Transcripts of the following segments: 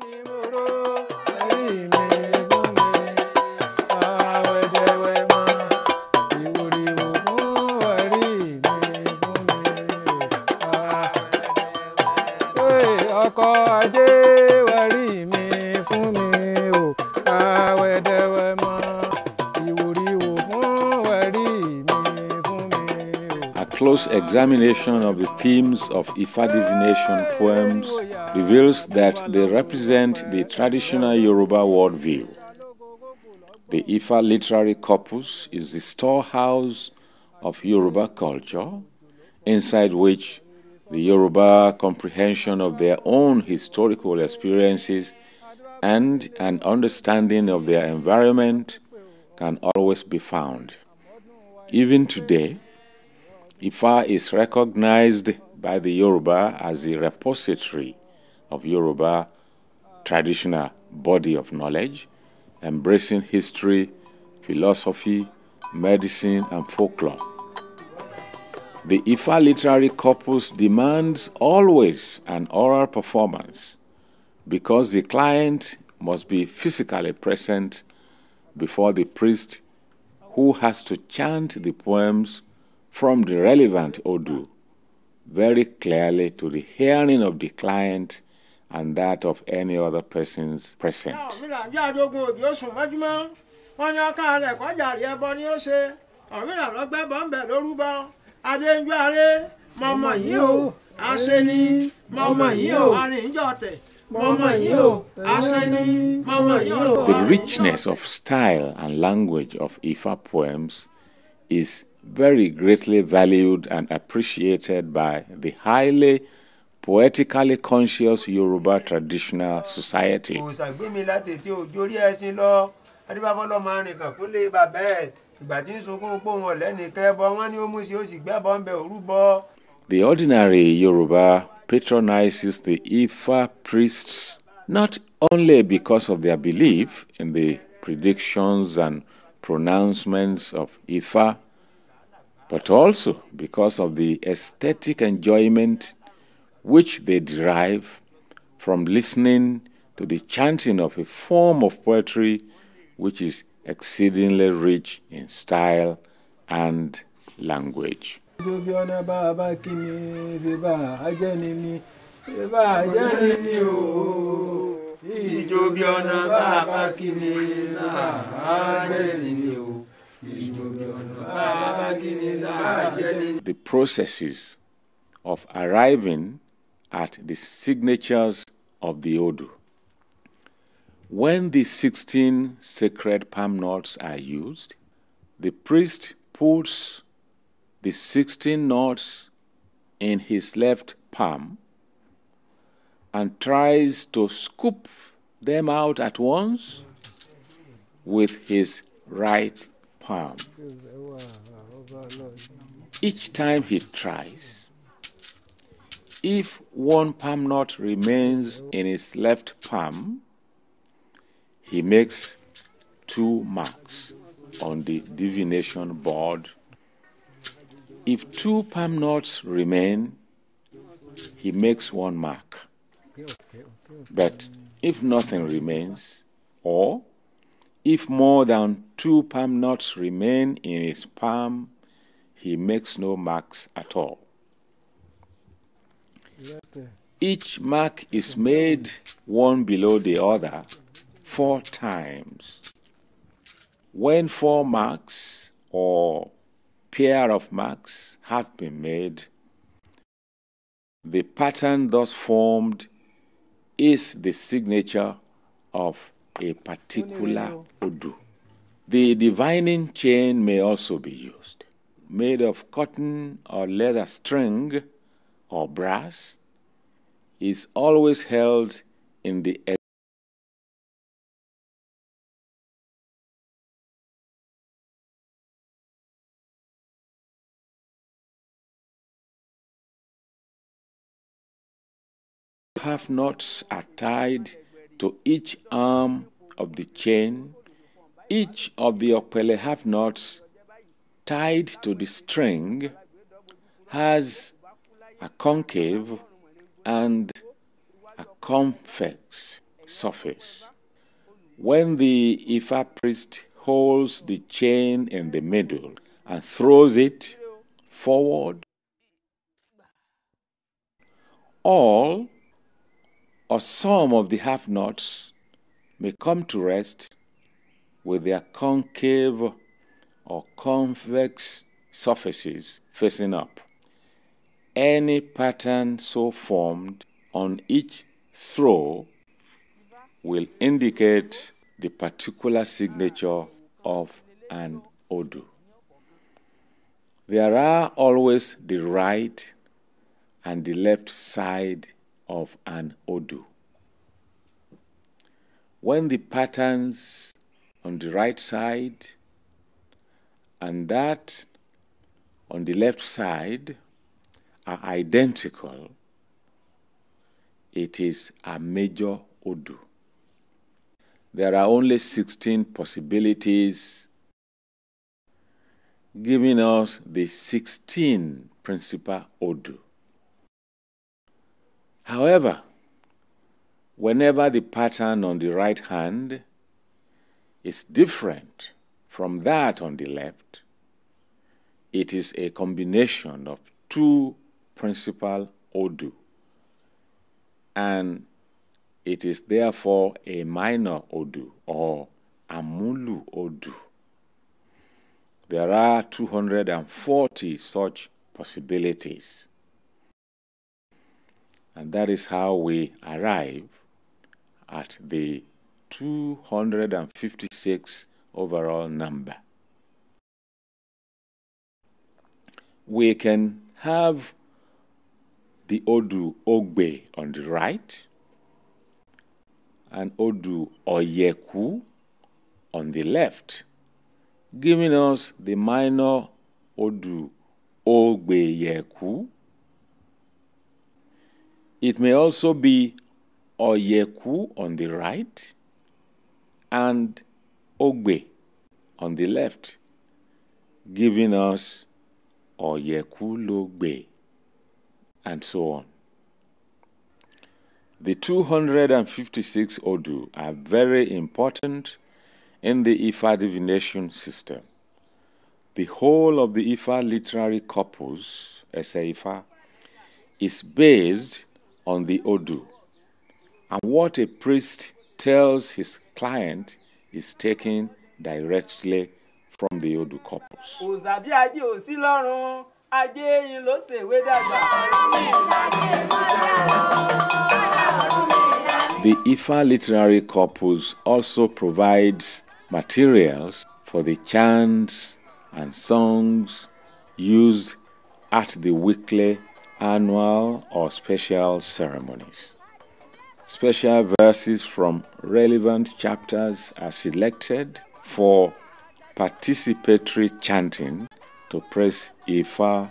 你 close examination of the themes of Ifa divination poems reveals that they represent the traditional Yoruba worldview. The Ifa literary corpus is the storehouse of Yoruba culture, inside which the Yoruba comprehension of their own historical experiences and an understanding of their environment can always be found. Even today, Ifa is recognized by the Yoruba as the repository of Yoruba traditional body of knowledge, embracing history, philosophy, medicine, and folklore. The Ifa literary corpus demands always an oral performance because the client must be physically present before the priest who has to chant the poems from the relevant odoo very clearly to the hearing of the client and that of any other persons present. The richness of style and language of Ifa poems is very greatly valued and appreciated by the highly poetically conscious Yoruba traditional society. The ordinary Yoruba patronizes the Ifa priests not only because of their belief in the predictions and pronouncements of Ifa but also because of the aesthetic enjoyment which they derive from listening to the chanting of a form of poetry which is exceedingly rich in style and language the processes of arriving at the signatures of the Odu. When the 16 sacred palm knots are used, the priest puts the 16 knots in his left palm and tries to scoop them out at once with his right palm. Each time he tries, if one palm nut remains in his left palm, he makes two marks on the divination board. If two palm nuts remain, he makes one mark. But if nothing remains, or if more than two palm nuts remain in his palm, he makes no marks at all. Each mark is made one below the other four times. When four marks or pair of marks have been made, the pattern thus formed is the signature of a particular Odu. The divining chain may also be used made of cotton or leather string or brass is always held in the edge. half knots are tied to each arm of the chain. Each of the Opele half knots tied to the string has a concave and a convex surface. When the Ifa priest holds the chain in the middle and throws it forward, all or some of the half knots may come to rest with their concave or convex surfaces facing up. Any pattern so formed on each throw will indicate the particular signature of an Odu. There are always the right and the left side of an Odu. When the patterns on the right side and that on the left side are identical. It is a major Odu. There are only 16 possibilities, giving us the 16 principal Odu. However, whenever the pattern on the right hand is different from that on the left, it is a combination of two principal odu, and it is therefore a minor odu or amulu odu. There are 240 such possibilities. And that is how we arrive at the 256 overall number. We can have the Odu Ogbe on the right and Odu Oyeku on the left, giving us the minor Odu Oyeku. It may also be Oyeku on the right and Ogbe on the left, giving us Oyekulogbe, and so on. The 256 Odu are very important in the Ifa divination system. The whole of the Ifa literary corpus, Eseifa, is based on the Odu. And what a priest tells his client is taken directly from the Odu corpus. The Ifa literary corpus also provides materials for the chants and songs used at the weekly, annual, or special ceremonies. Special verses from relevant chapters are selected for participatory chanting to praise Ifa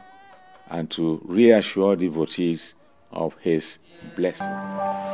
and to reassure devotees of his blessing.